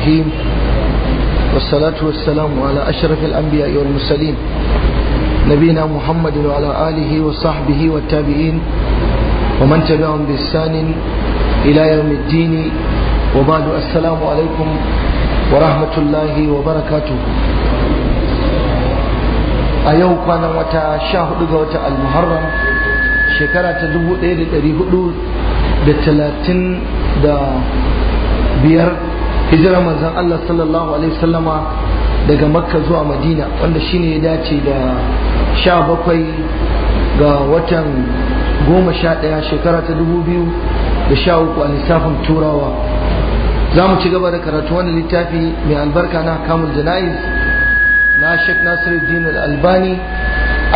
الرحيم والصلاة والسلام على أشرف الأنبياء والمرسلين نبينا محمد وعلى آله وصحبه والتابعين ومن تبعهم بإحسان إلى يوم الدين وبعد السلام عليكم ورحمة الله وبركاته a yau kwanan wata sha hudu ga wata almuharram shekara ta dubu ɗaya da ɗari hudu da talatin da biyar hijira manzon Allah sallallahu alaihi wasallama daga makka zuwa madina wanda shine ya dace da sha bakwai ga watan goma sha ɗaya shekara ta dubu biyu da sha uku a lissafin turawa za mu ci gaba da karatu wani littafi mai albarka na kamun jana'iz na shek nasiruddin al-albani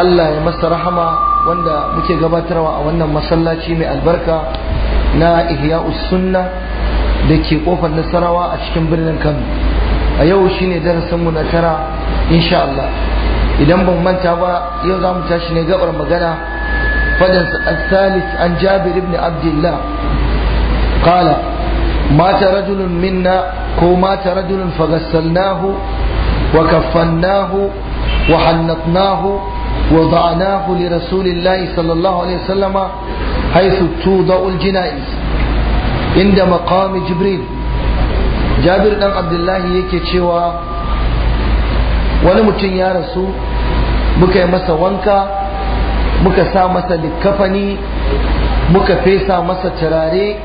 allah ya masa rahama wanda muke gabatarwa a wannan masallaci mai albarka na ihya'us sunna da ke kofar nasarawa a cikin birnin kano a yau shine darasinmu na tara insha Allah idan ban manta ba yau za mu tashi ne gabar magana fadin salis an jabir ibn abdullah qala mata rajulun minna ko mata rajulun faghassalnahu wa kaffannahu wa hannatnahu وضعناه لرسول الله صلى الله عليه وسلم حيث توضع الجنائز inda maqami jibril jabir dan abdullahi yake cewa wani mutum ya rasu muka yi masa wanka muka sa masa likkafani muka fesa masa turare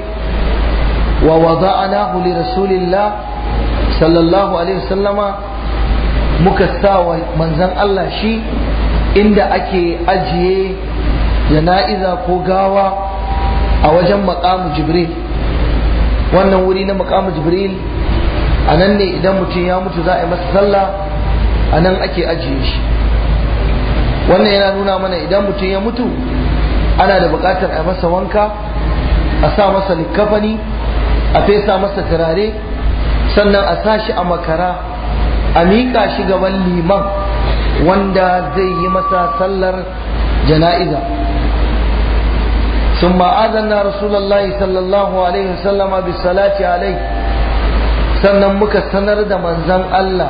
wa ana li rasulillah sallallahu alaihi wasallama muka sa wa manzan Allah shi inda ake ajiye jana'iza ko gawa a wajen maqamu jibril wannan wuri na makamu jibril a nan ne idan mutum ya mutu za a yi masa sallah a nan ake ajiye shi wannan yana nuna mana idan mutum ya mutu ana da buƙatar a masa wanka a sa masa likafani a fesa masa turare sannan a sa shi a makara a miƙa shi gaban liman wanda zai yi masa sallar jana'iza ثم آذنا رسول الله صلى الله عليه وسلم بالصلاة عليه sannan muka sanar da manzan Allah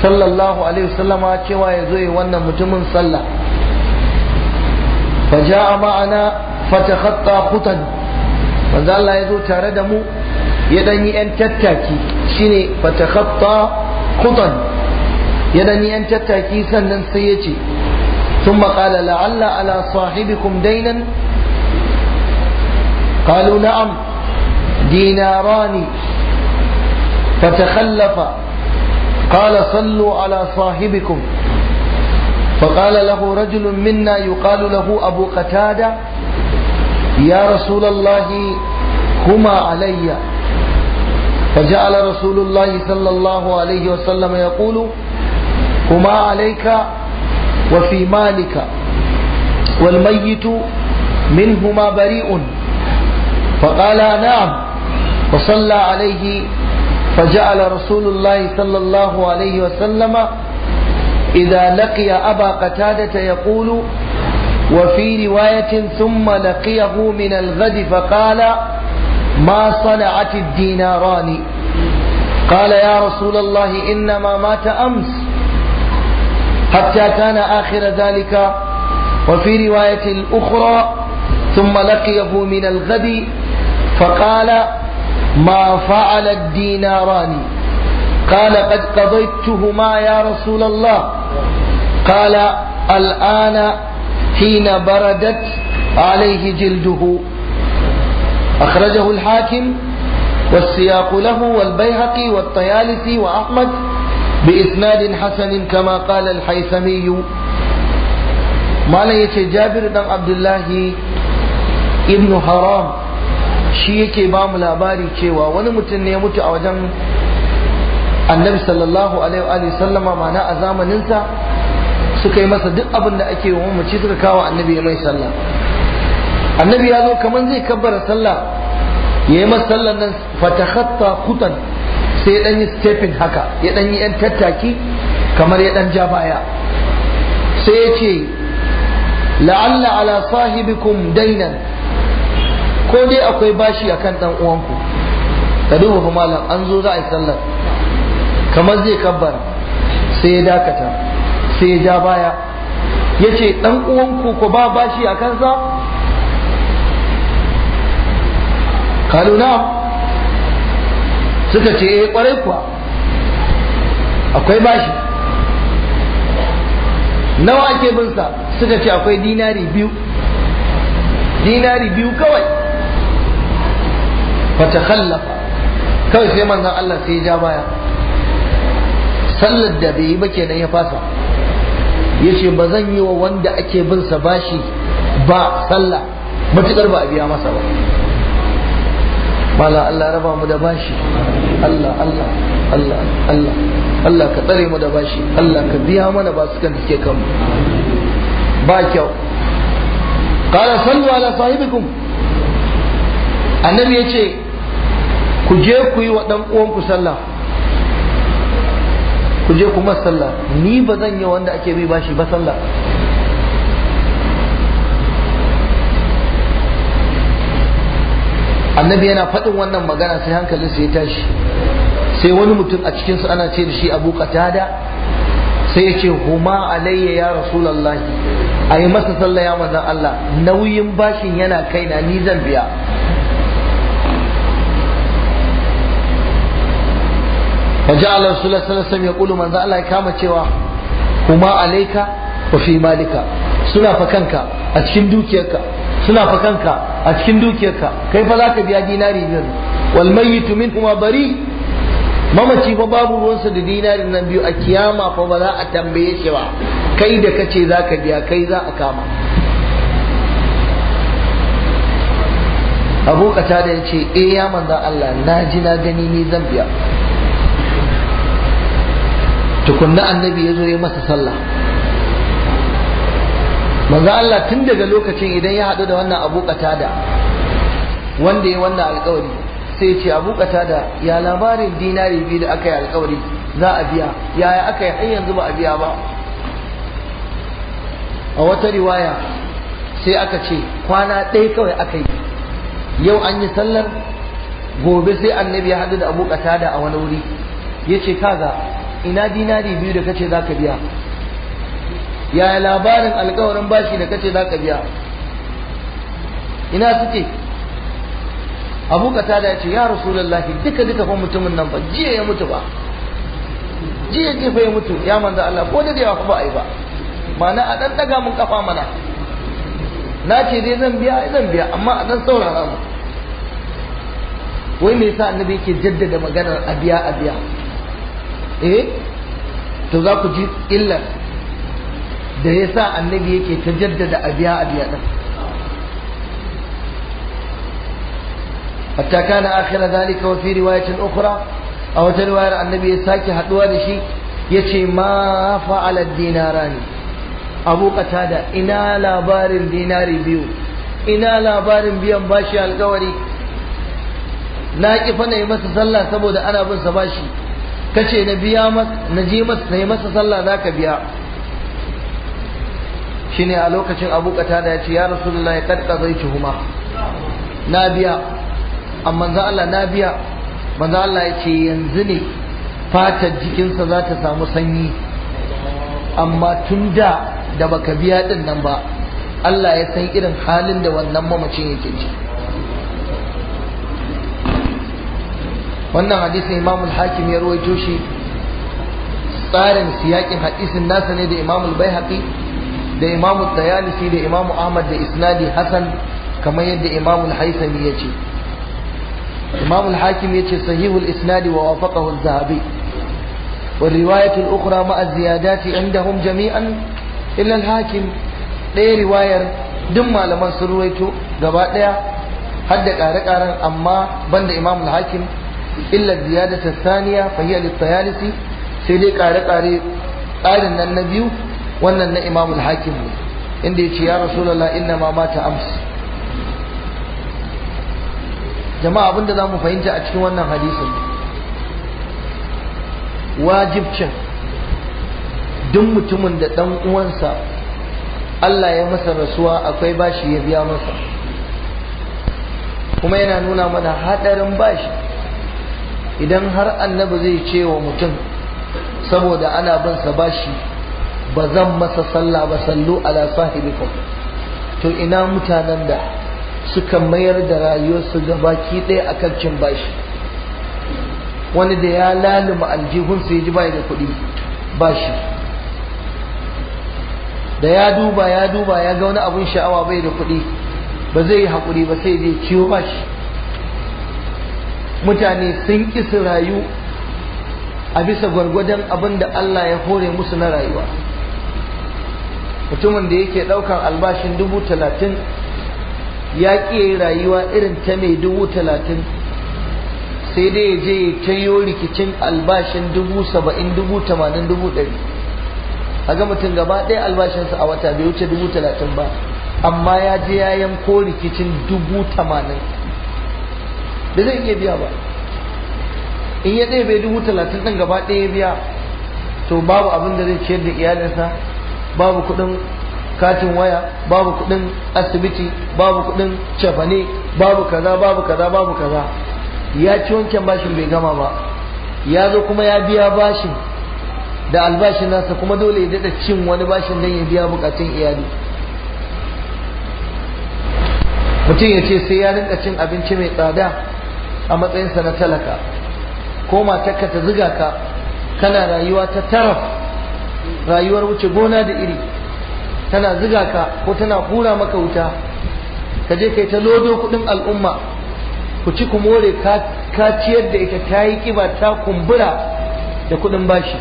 sallallahu alaihi wasallama cewa ya zo wannan mutumin sallah fa ja'a ma'ana fatakhatta khutan manzan Allah ya zo tare da mu ya dan yi yan tattaki shine fatakhatta khutan ya yan tattaki sannan sai ya ce ثم قال لعل على صاحبكم دينا قالوا نعم ديناران فتخلف قال صلوا على صاحبكم فقال له رجل منا يقال له أبو قتادة يا رسول الله هما علي فجعل رسول الله صلى الله عليه وسلم يقول هما عليك وفي مالك والميت منهما بريء فقال نعم فصلى عليه فجعل رسول الله صلى الله عليه وسلم إذا لقي أبا قتادة يقول وفي رواية ثم لقيه من الغد فقال ما صنعت الديناران قال يا رسول الله إنما مات أمس حتى كان آخر ذلك وفي رواية أخرى ثم لقيه من الغد فقال ما فعل الديناران قال قد قضيتهما يا رسول الله قال الآن حين بردت عليه جلده أخرجه الحاكم والسياق له والبيهقي والطيالسي وأحمد بإسناد حسن كما قال الحيثمي ما لا جابر بن عبد الله ابن حرام shi yake ba mu labari cewa wani mutum ne ya mutu a wajen annabi sallallahu alaihi wa sallama mana a zamaninsa suka yi masa duk abin da ake wa mace suka kawo annabi mai sallah annabi ya zo kamar zai kabbara sallah ya yi masa sallan nan fatakhatta kutan sai ya dan yi stepping haka ya dan yi yan tattaki kamar ya dan ja baya sai ya ce la'alla ala sahibikum dainan ko dai akwai bashi akan dan uwanku ka duba fa malam an zo za a yi sallar kamar zai kabbara sai ya dakata sai ya ja baya ya ce dan uwanku ko ba bashi a kansa kalu na suka ce eh kwarai kuwa akwai bashi nawa ake bin sa suka ce akwai dinari biyu dinari biyu kawai fata khallafa kawai sai manzan Allah sai ya ja baya sallar da bai yi ba kenan ya fasa ya ce ba zan yi wa wanda ake bin sa bashi ba sallah matukar ba a biya masa ba mala Allah raba mu da bashi Allah Allah Allah Allah Allah ka tsare mu da bashi Allah ka biya mana ba su kan suke kanmu ba kyau qala sallu ala sahibikum annabi ya ce ku je ku yi wa sallah ku je kuma sallah ni ba zan yi wanda ake bi bashi ba sallah annabi yana faɗin wannan magana sai su ya tashi sai wani mutum a cikinsu ana ce da shi abu katada sai ya ce huma alayya ya rasulallahi a yi masa sallah ya manzan Allah nauyin bashin yana kaina ni zan biya wa ja'ala rasulullah sallallahu alaihi wasallam manzo Allah ya kama cewa kuma alaika wa fi malika suna fa kanka a cikin dukiyarka suna fa kanka a cikin dukiyarka kai fa zaka biya dinari biyar wal mayyitu kuma bari mamaci fa babu ruwansa da dinari nan biyu a kiyama fa ba za a tambaye shi ba kai da kace zaka biya kai za a kama abu kata da ya ce eh ya manza Allah na ji na gani ni zan biya tukunna annabi ya zo ya masa sallah manzo Allah tun daga lokacin idan ya haɗu da wannan abu qatada wanda ya wannan alƙawari sai ce abu qatada ya labarin dinari biyu da aka yi alƙawari, za a biya yaya aka yi har yanzu ba a biya ba a wata riwaya sai aka ce kwana ɗaya kawai aka yi yau an yi sallar gobe sai annabi ya haɗu da abu qatada a wani wuri yace kaza. ina dinari biyu da kace za ka biya yaya labarin alkawarin bashi da kace za ka biya ina suke abu ta da ya ce ya rasulallahi duka duka fa mutumin nan ba jiya ya mutu ba jiya jiya fa ya mutu ya manzo Allah ko da yawa ba ai ba mana a dan daga mun kafa mana na ce dai zan biya zan biya amma a dan saurara mu wai me yasa annabi yake jaddada maganar abiya abiya eh to za ku ji illar da ya sa annabi yake ta jaddada A abiya ɗan hatta kana akhira zalika wa fi riwayatin ukhra a wata riwayar annabi ya sake haduwa da shi yace ma fa'ala dinarani abu da ina labarin dinari biyu ina labarin biyan bashi alkawari na kifa na yi masa sallah saboda ana bin sa bashi kace na biya na je masa na yi masa sallah za ka biya shine a lokacin abu kata da ya ce ya rasulullahi kad qadaitu huma na biya amma manzo Allah na biya manzo Allah ya ce yanzu ne fatar jikinsa za ta samu sanyi amma tun da da baka biya din nan ba Allah ya san irin halin da wannan mamacin yake ciki wannan hadisin imamul hakim ya ruwaito shi tsarin siyakin hadisin nasa ne da imamul baihaqi da imamul tayalisi da imamu ahmad da isnadi hasan kamar yadda imamul haisami ya ce imamul hakim ya ce sahihul isnadi wa wafaqahu zahabi والرواية ma'aziya مع الزيادات عندهم جميعا إلا الحاكم ɗaya riwayar duk malaman sun ruwaito gaba ɗaya har da ƙare amma banda imamul hakim illa ziyadata thaniya fa hiya litayalisi sai dai kare kare tsarin na biyu wannan na imamul hakim ne inda yace ya rasulullah inna ma mata ams jama'a abinda zamu fahimta a cikin wannan hadisin wajibcin duk mutumin da dan uwansa Allah ya masa rasuwa akwai bashi ya biya masa kuma yana nuna mana haɗarin bashi idan har annabi zai ce wa mutum saboda ana bin sa bashi ba zan masa sallah ba sallu ala sahibikum to ina mutanen da suka mayar da rayuwarsu baki ɗaya a cin bashi wani da ya lalima aljihunsu ya ji bai da kuɗi bashi da ya duba ya duba ya ga wani abun sha'awa bai da kuɗi ba zai yi hakuri ba sai dai ciwo bashi mutane sun ƙi su rayu a bisa gwargwadon abin da Allah ya hore musu na rayuwa mutumin da yake ɗaukar albashin dubu talatin ya ƙi rayuwa irin ta mai dubu talatin sai dai ya je ta yi rikicin albashin dubu saba'in dubu tamanin dubu ɗari a ga mutum gaba ɗaya albashinsa a wata bai wuce dubu talatin ba amma ya je ya yanko rikicin dubu tamanin da zai iya biya ba in ya ɗaya bai dubu talatin ɗin gaba ɗaya biya to babu abin da zai ciyar da iyalinsa babu kuɗin katin waya babu kuɗin asibiti babu kuɗin cefane babu kaza babu kaza babu kaza ya ci wancan bashin bai gama ba ya zo kuma ya biya bashin da albashin nasa kuma dole ya dada cin wani bashin don ya biya bukatun iyali mutum ya ce sai ya rinka cin abinci mai tsada a matsayinsa na talaka ko matarka ta ziga ka kana rayuwa ta taraf rayuwar wuce gona da iri tana ziga ka ko tana hura maka wuta ka je kai ta lodo kudin al'umma ku ci ku more ka ciyar da ita ta yi kiba ta kumbura da kudin bashi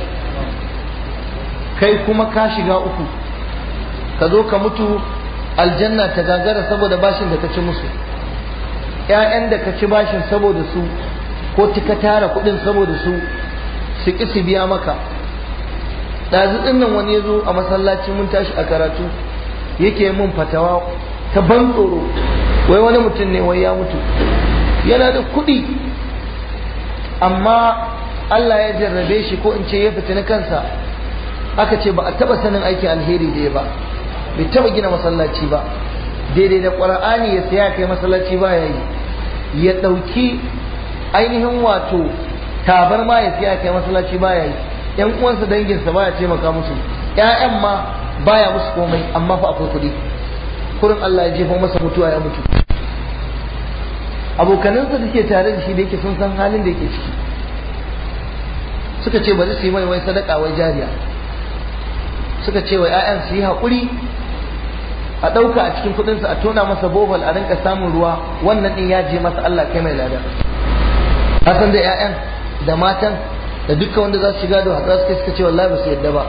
kai kuma ka shiga uku ka zo ka mutu aljanna ta gagara saboda bashin da ta ci musu ƴaƴan da ka ci bashin saboda su ko ka tara kuɗin saboda su su ƙi su biya maka ɗazu ɗin nan wani ya zo a masallaci mun tashi a karatu yake mun fatawa ta ban tsoro wai wani mutum ne wai ya mutu yana da kuɗi amma Allah ya jarrabe shi ko in ce ya fita na kansa aka ce ba a taba sanin aikin alheri da ya ba bai taba gina masallaci ba daidai da ƙwararani ya saya kai masallaci ba ya yi ya ɗauki ainihin wato tabar ma ya siya kai masallaci baya yi yan uwansa danginsa baya taimaka musu Ya'yan ma baya musu komai amma fa akwai kuɗi kurin Allah ya jefa masa mutuwa ya mutu Abokaninsa da ke tare da shi da yake sun san halin da yake ciki suka ce bari su yi mai wai sadaka wai jariya suka ce wa 'ya'yan su yi haƙuri a ɗauka a cikin kuɗinsa a tona masa bohol a rinka samun ruwa wannan ɗin ya je masa Allah kai mai lada hasan da 'ya'yan da matan da dukkan wanda za su shiga da haɗa suka suka ce wallahi ba su yadda ba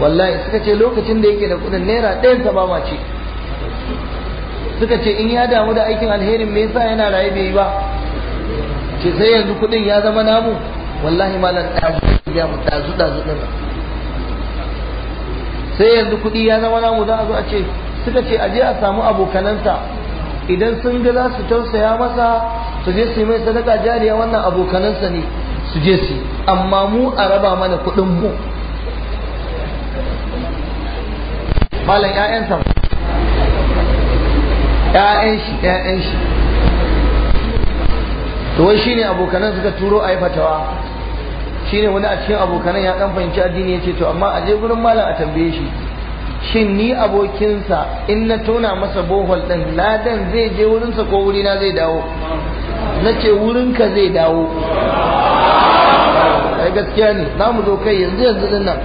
wallahi suka ce lokacin da yake da kuɗin naira ɗayan ta ba ma ce suka ce in ya damu da aikin alherin me yasa yana rayu bai yi ba ce sai yanzu kuɗin ya zama namu wallahi malam ɗazu ya mu ɗazu ɗazu sai yanzu kuɗi ya zama namu za a zo a ce suka ce aje a samu abokanansa idan sun ga za su tausaya masa su je su yi mai sadaka jariya wannan abokanansa ne su je su amma mu a raba mana kuɗin mu malam ƴaƴansa ƴaƴan shi ƴaƴan shi to wai shine abokanan suka turo a yi fatawa shine wani a cikin abokanan ya dan fahimci addini ya ce to amma a je gurin malam a tambaye shi shin ni abokinsa in na tona masa bohol ɗin ladan zai je wurinsa ko wurina zai dawo na ce wurinka zai dawo ai gaskiya ne za mu zo kai yanzu yanzu din nan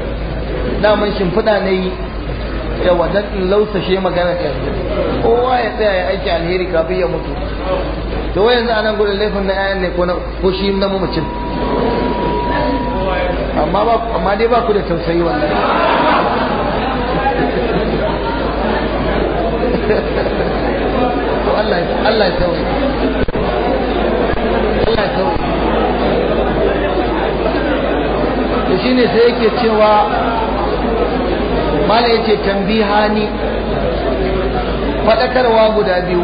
daman shimfiɗa na yi da wajen in lausashe magana yanzu. kowa ya tsaya ya aiki alheri kafin ya mutu to yanzu a nan laifin na 'ya'yan ne ko shi na mamacin amma ba amma dai ba ku da tausayi wallahi Allah Allah ya tawaye Allah ya sai yake cewa mala yace tambihani fadakarwa guda biyu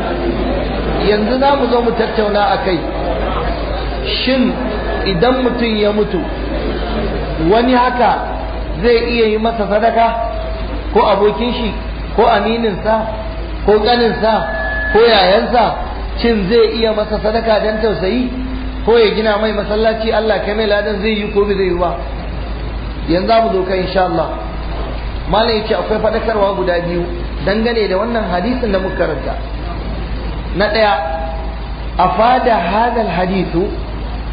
yanzu za mu zo mu tattauna akai shin idan mutum ya mutu wani haka zai iya yi masa sadaka ko abokin shi ko amininsa ko ƙaninsa ko yayansa cin zai iya masa sadaka don tausayi ko ya gina mai masallaci Allah kai mai ladan zai yi ko bai zai yi ba yanzu mu zo kai insha Allah malam yace akwai fadakarwa guda biyu dangane da wannan hadisin da muka karanta na daya afada hadal hadithu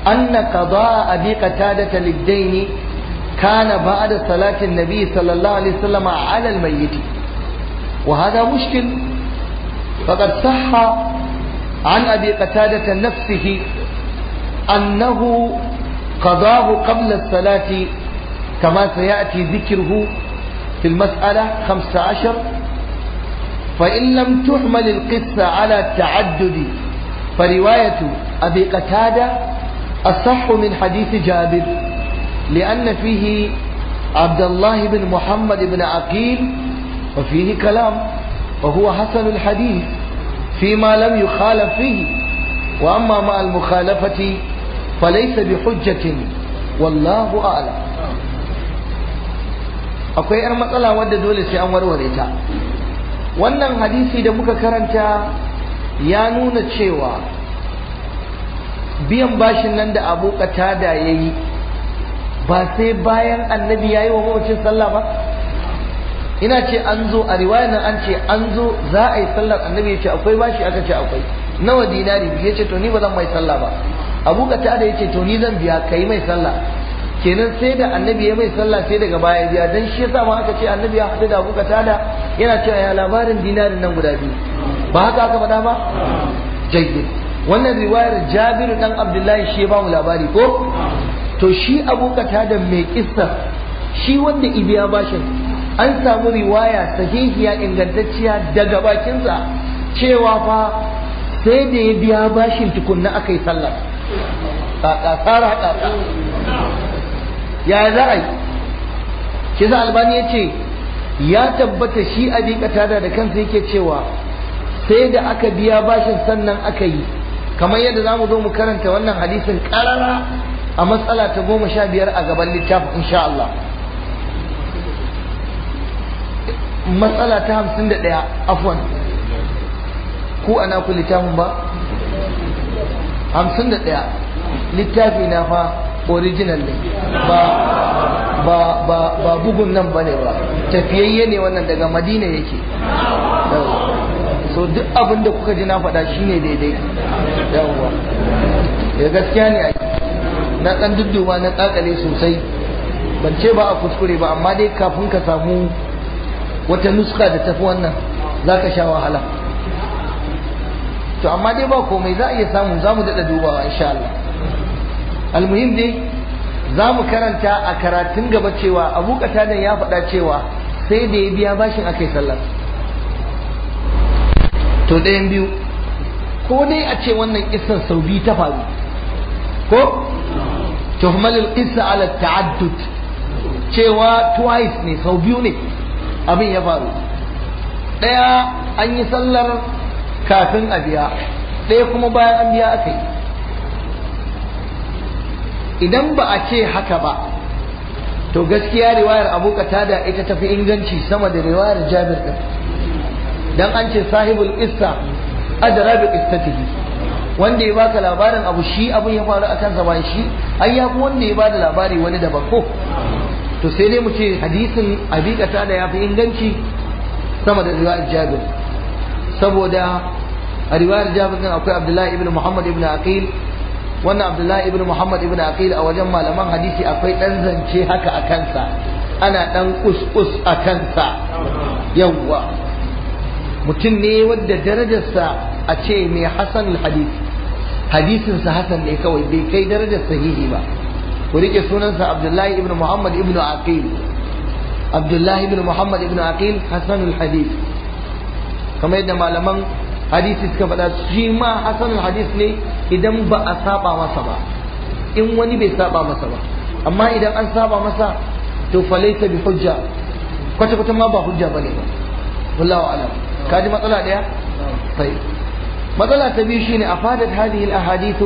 anna qada'a abi qatada lid-dayni كان بعد صلاة النبي صلى الله عليه وسلم على الميت وهذا مشكل فقد صح عن أبي قتادة نفسه أنه قضاه قبل الصلاة كما سيأتي ذكره في المسألة خمسة عشر فإن لم تحمل القصة على التعدد فرواية أبي قتادة أصح من حديث جابر لأن فيه عبد الله بن محمد بن عقيل وفيه كلام وهو حسن الحديث فيما لم يخالف فيه وأما مع المخالفة فليس بحجة والله أعلم akwai 'yar matsala wadda dole sai an warware ta wannan hadisi da muka karanta ya nuna cewa biyan bashin nan da abu da ya yi ba sai bayan annabi ya yi wa mawacin sallah ba ina ce an zo a riwaya nan an ce an zo za a yi sallar annabi ya ce akwai bashi aka ce akwai nawa dinari ya ce to ba zan mai sallah ba abu ka da ya ce to zan biya ka yi mai sallah kenan sai da annabi ya mai sallah sai daga baya biya dan shi yasa ma aka ce annabi ya haɗu da abu ka tada yana cewa ya labarin dinarin nan guda biyu ba haka aka faɗa ba jayyid wannan riwayar jabiru dan abdullahi shi ya ba mu labari ko to shi abu da mai kissa shi wanda ibiya bashin an samu riwaya sahihiya ingantacciya daga bakinsa cewa fa sai da ya biya bashin tukunna aka yi sallah tsara tsara ya za a yi shi za albani ya ce ya tabbata shi abi katada da kansa yake cewa sai da aka biya bashin sannan aka yi kamar yadda za mu zo mu karanta wannan hadisin karara a matsala ta goma sha biyar a gaban littafin insha Allah matsala ta hamsin da ɗaya afwan ku ana ku littafin ba hamsin da ɗaya littafi na fa original ne ba ba ba ba bugun nan ba ne ba tafiyayye ne wannan daga madina yake so duk abin da kuka ji na faɗa shine daidai yawwa ya gaskiya ne yi na dan dudduba na tsakale sosai ban ce ba a kuskure ba amma dai kafin ka samu wata nuska da tafi wannan za ka sha wahala to amma dai ba komai za a iya samu za mu daɗa dubawa insha Allah almuhim dai za mu karanta a karatun gaba cewa abu katadan ya faɗa cewa sai da ya biya bashin akai sallar to ɗayan biyu ko dai a ce wannan kisan sau biyu ta faru ko tuhmal al-qissa ala ta'addud cewa twice ne sau biyu ne abin ya faru daya an yi sallar kafin a biya daya kuma bayan an biya aka yi idan ba a ce haka ba to gaskiya riwayar abu da ita tafi inganci sama da riwayar jabir din an ce sahibul qissa adra bi qissatihi wanda ya baka labarin abu shi abin ya faru akan sa ba shi ai ya wanda ya bada labari wani daban ko to sai dai mu ce hadisin abikata da ya fi inganci sama da riwayar jabir saboda a riwayar jabir din akwai abdullahi ibn muhammad ibn aqil wannan abdullahi ibn muhammad ibn aqil a wajen malaman hadisi akwai dan zance haka a kansa ana dan kuskus a kansa yawwa mutum ne wanda darajarsa a ce mai hasanul hadisi hadisinsa hasan ne kawai bai kai darajar sahihi ba ku rike sunansa abdullahi ibn muhammad ibn aqil abdullahi ibn muhammad ibn aqil hasanul hadis kamar yadda malaman hadisi suka faɗa shi ma hasanul hadis ne idan ba a saba masa ba in wani bai saba masa ba amma idan an saba masa to falaita bi hujja kwata-kwata ma ba hujja ba ne ba wallahu alam ka ji matsala daya sai مثلا تبيشين أفادت هذه الأحاديث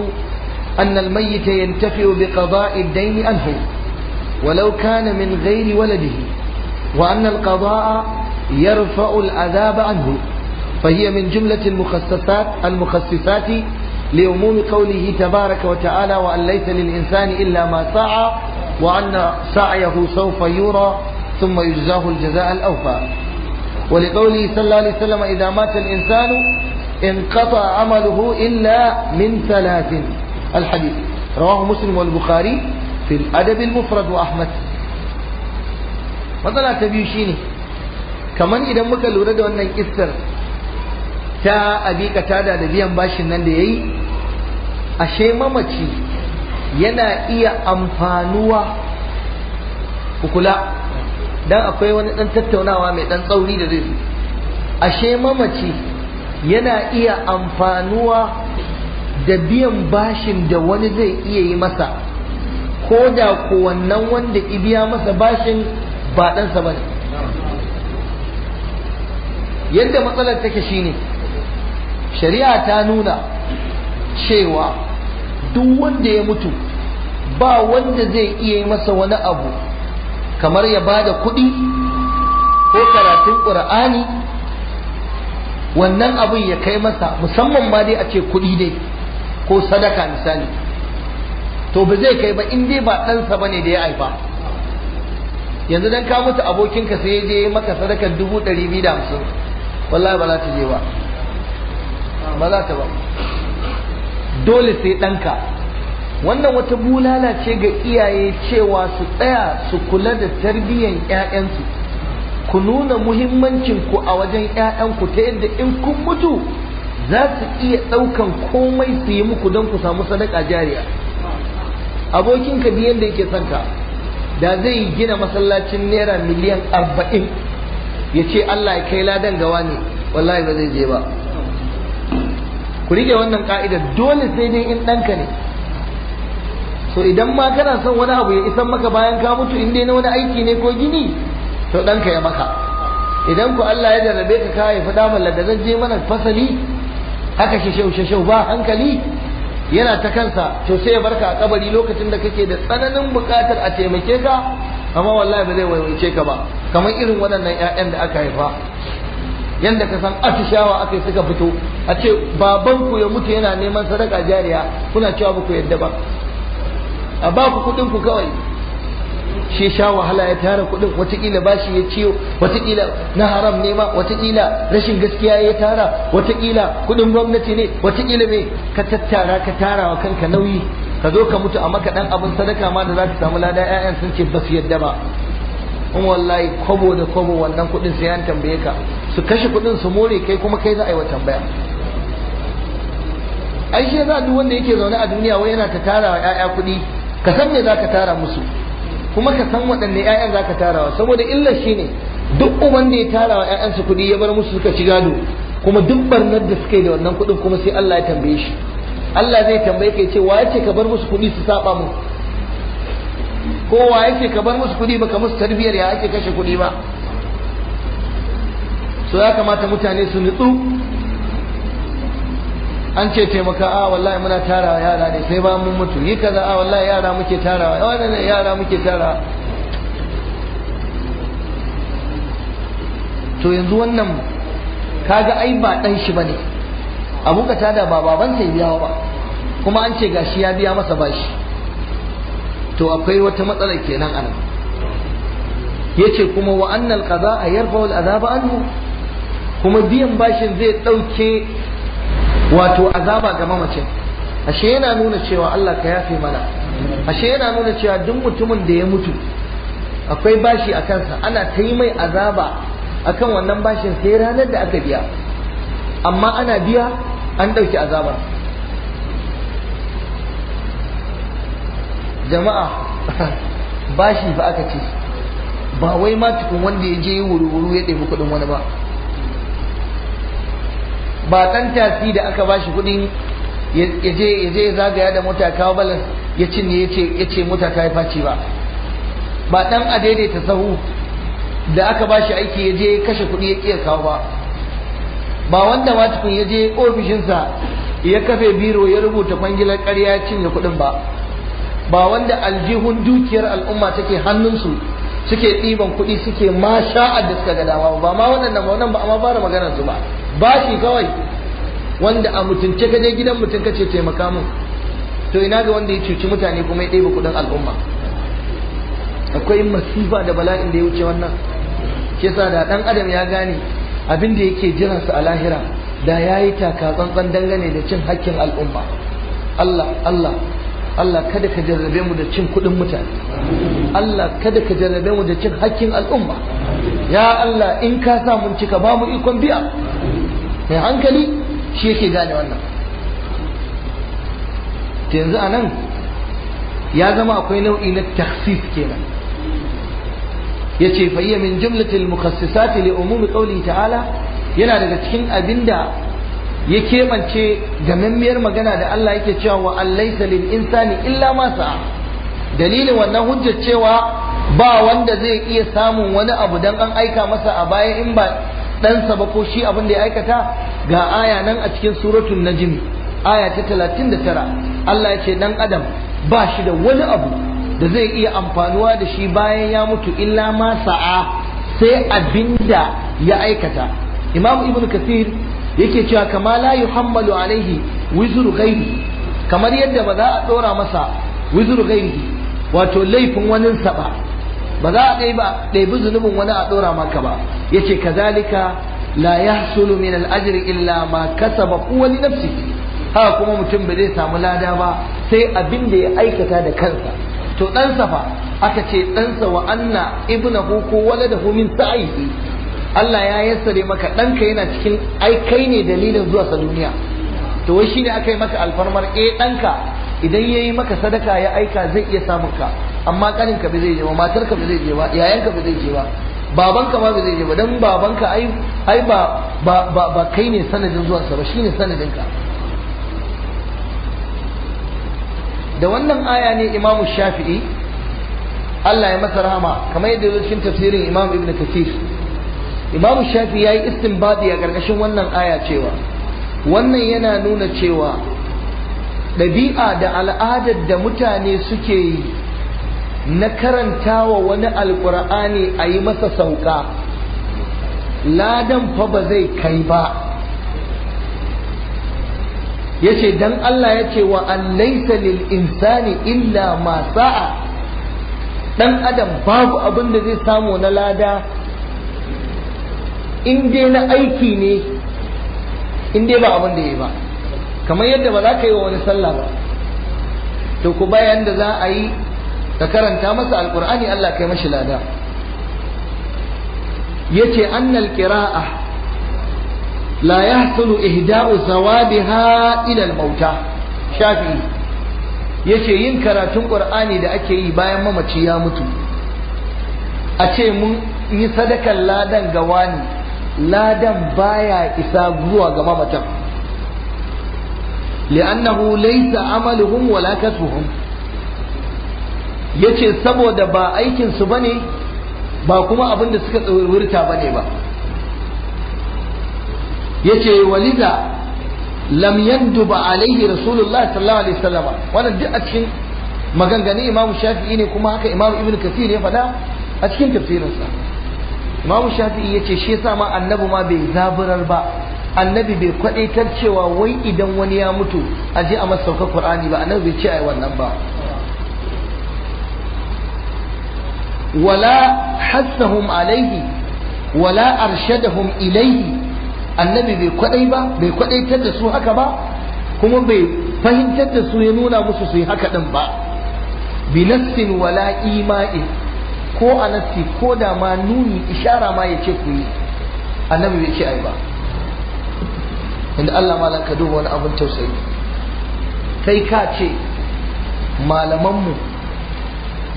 أن الميت ينتفع بقضاء الدين عنه ولو كان من غير ولده وأن القضاء يرفع العذاب عنه فهي من جملة المخصصات المخصصات لعموم قوله تبارك وتعالى وأن ليس للإنسان إلا ما سعى وأن سعيه سوف يرى ثم يجزاه الجزاء الأوفى ولقوله صلى الله عليه وسلم إذا مات الإنسان انقطع عمله إلا من ثلاث الحديث رواه مسلم والبخاري في الأدب المفرد وأحمد matsala ta biyu shine kamar idan muka lura da wannan kistar ta abika tada da biyan bashin nan da ya yi ashe mamaci yana iya amfanuwa kukula don akwai wani ɗan tattaunawa mai ɗan tsauri da zai ashe mamaci yana iya amfanuwa da biyan bashin da wani zai iya yi masa ko da ko wannan wanda ibiya masa bashin ba ɗansa ba ne yadda matsalar take shine shari'a ta nuna cewa duk wanda ya mutu ba wanda zai iya yi masa wani abu kamar ya bada kuɗi ko karatun ƙur'ani wannan abin ya kai masa musamman ma dai a ce kuɗi dai ko sadaka misali to ba zai kai ba in dai ba ɗansa ba ne da ya haifa yanzu dan ka mutu abokinka sai je maka sadakar dubu ɗari biyu da hamsin wallahi ba za ta je ba ba za ta ba dole sai ɗanka wannan wata bulala ce ga iyaye cewa su tsaya su kula da tarbiyyar 'ya'yansu ku nuna muhimmancin ku a wajen ku ta yadda in kun mutu za su iya ɗaukan komai su yi muku don ku samu sadaka jariya abokinka biyan da yake son ka da zai gina masallacin naira miliyan arba'in ya ce Allah ya kai ladan gawa ne wallahi ba zai je ba ku rike wannan ka'idar dole sai dai in ɗanka ne so idan ma kana son wani abu ya isan maka bayan ka mutu in dai na wani aiki ne ko gini to ɗanka ya maka idan ku Allah ya jarrabe ka haifi fi da zai je mana fasali haka shau shau ba hankali yana ta kansa to sai ya barka a kabari lokacin da kake da tsananin buƙatar a taimake ka amma wallahi ba zai waiwaice ka ba kamar irin waɗannan 'ya'yan da aka haifa yanda ka san atishawa aka suka fito a ce babanku ya mutu yana neman sadaka jariya kuna cewa ba ku yadda ba a ba ku kuɗin ku kawai shi sha wahala ya tara kuɗin watakila bashi ya ciyo watakila na haram ne ma watakila rashin gaskiya ya tara watakila kuɗin gwamnati ne watakila me ka tattara ka tara wa kanka nauyi ka zo ka mutu a maka dan abin sadaka ma da za ka samu lada ƴaƴan sun ce ba su yadda ba in wallahi kobo da kobo wannan kuɗin sai an tambaye ka su kashe kuɗin su more kai kuma kai za a yi wa tambaya ai shi yasa duk wanda yake zaune a duniya wai yana ta tara wa ƴaƴa kuɗi ka san me za ka tara musu kuma ka san waɗanne 'ya'yan za ka tarawa saboda illa shi ne duk uban da ya tarawa 'ya'yansa kuɗi ya bar musu suka ci gado kuma duk barnar da suka yi da wannan kuɗin kuma sai Allah ya tambaye shi Allah zai tambaye ka ce wa ce ka bar musu kuɗi su saba mu ko wa ce ka bar musu kuɗi baka musu tarbiyyar ya ake kashe kuɗi ba so ya kamata mutane su nutsu an ce taimaka a ah, wallahi muna tara yara ne sai ba mun mutu yi kaza a ah, wallahi yara muke tara wannan eh, yara muke tara to yanzu wannan kaga ai ba dan shi bane abu ka tada ba baban sai biya ba kuma an ce gashi ya biya masa bashi to akwai wata matsala kenan anan yace kuma wa annal qada yarfa al azaba anhu kuma biyan bashin zai dauke wato azaba ga mamacin ashe yana nuna cewa Allah ka yafe mana ashe yana nuna cewa duk mutumin da ya mutu akwai bashi a kansa ana ta yi mai azaba akan wannan bashin sai ranar da aka biya amma ana biya an ɗauki azaba, jama'a bashi ba aka ce ba wai ma tukun wanda ya je wuri-wuri ya ɗebi kuɗin wani ba ba ɗan tasi da aka bashi kudi ya je zagaya da mota kawo balas ya cinye ya ce mota ta yi faci ba ba ɗan a daidaita sahu da aka bashi aiki ya je kashe kuɗi ya kiyar kawo ba ba wanda ma tukun ya je ofishinsa ya kafe biro ya rubuta kwangilar ƙarya ya cinye kuɗin ba ba wanda aljihun dukiyar al'umma take hannunsu suke ɗiban kuɗi suke ma da suka ga dama ba ma wannan ba wannan ba amma ma fara maganar su ba bashi kawai wanda a mutunce ka je gidan mutum ka ce taimaka mun to ina ga wanda ya cuci mutane kuma ya ɗeba kuɗin al'umma akwai masifa da bala'in da ya wuce wannan ke sa da ɗan adam ya gane abin da yake su a lahira da ya yi taka tsantsan dangane da cin hakkin al'umma Allah Allah Allah kada ka jarrabe mu da cin kuɗin mutane Allah kada ka jarrabe mu da cin hakkin al'umma ya Allah in ka sa mun cika ba mu ikon biya mai hankali shi yake gane wannan yanzu anan ya zama akwai nau'i na taksis kenan yace ce iya min jumlatil mukassisati li umumi qawli ta'ala yana daga cikin abinda ya kebance gamammiyar magana da Allah yake cewa wa allaysa lil insani illa ma sa'a dalilin wannan hujjar cewa ba wanda zai iya samun wani abu dan an aika masa a baya in ba ɗansa ba ko shi abin da ya aikata ga aya nan a cikin suratul najm aya ta talatin da tara. Allah ya ce dan adam ba shi da wani abu da zai iya amfanuwa da shi bayan ya mutu illa ma sa'a sai abinda ya aikata imam ibn kathir yake cewa kama la yuhammalu alaihi wizru ghaibi kamar yadda ba za a dora masa wizru ghaibi wato laifin waninsa ba ba za a ɗai ba ɗaibi zunubin wani a ɗora maka ba yace kazalika la yahsulu min al-ajri illa ma kasaba ba li nafsi haka kuma mutum ba zai samu lada ba sai abin da ya aikata da kansa to ɗansa fa aka ce ɗansa wa anna hu ko waladahu min sa'ihi Allah ya yassare maka ɗanka yana cikin ai kai ne dalilin zuwa sa duniya to wai shine aka yi maka alfarmar eh ɗanka idan yayi maka sadaka ya aika zai iya samun ka amma kanin ka bai zai je ba matar ka bai zai je ba yayan ka bai zai je ba baban ka ma bai zai je ba dan baban ka ai ai ba ba ba kai ne sanadin zuwan sa ba shine sanadin ka da wannan aya ne imamu shafi'i Allah ya masa rahama kamar yadda yake cikin tafsirin imam ibn kathir imamu shafi'i yayi istinbadi a karkashin wannan aya cewa wannan yana nuna cewa ɗabi'a da al'adar da mutane suke yi na karanta wa wani alkur'ani a yi masa sauka ladan fa ba zai kai ba ya ce don Allah ya ce wa allaisa lil insani illa ma sa'a dan adam babu abin da zai samu na lada in na aiki ne in ba abin da ya ba kamar yadda ba za ka yi wa wani sallah ba to ku bayan da za a yi ka karanta masa alqur'ani Allah kai mashi lada yace annal qira'a la yahsulu ihda'u zawabiha ila al-mauta shafi yace yin karatun qur'ani da ake yi bayan mamaci ya mutu a ce mun yi sadakan ladan ga wani ladan baya isa zuwa ga mamatan li'annahu laysa amaluhum wala kasbuhum yace saboda ba aikinsu su bane ba kuma abin da suka tsawurta bane ba yace walida lam ba alaihi rasulullah sallallahu alaihi wasallam wannan duk a cikin maganganu imamu shafi'i ne kuma haka imamu ibnu kasir ya faɗa a cikin tafsirinsa imamu shafi'i yace shi yasa ma annabi ma bai zaburar ba annabi bai kwaɗe cewa wai idan wani ya mutu a je a masa saukar qur'ani ba annabi bai ce ai wannan ba wala hassahum alaihi wala arshadahum ilaihi annabi bai kwadai ba bai da su haka ba kuma bai fahimtar da su ya nuna musu su yi haka din ba bi nassin wala ima'in ko a nassi ko da ma nuni ishara ma ya ce ku yi annabi bai ce ai ba inda Allah malam ka duba wani abin tausayi kai ka ce mu.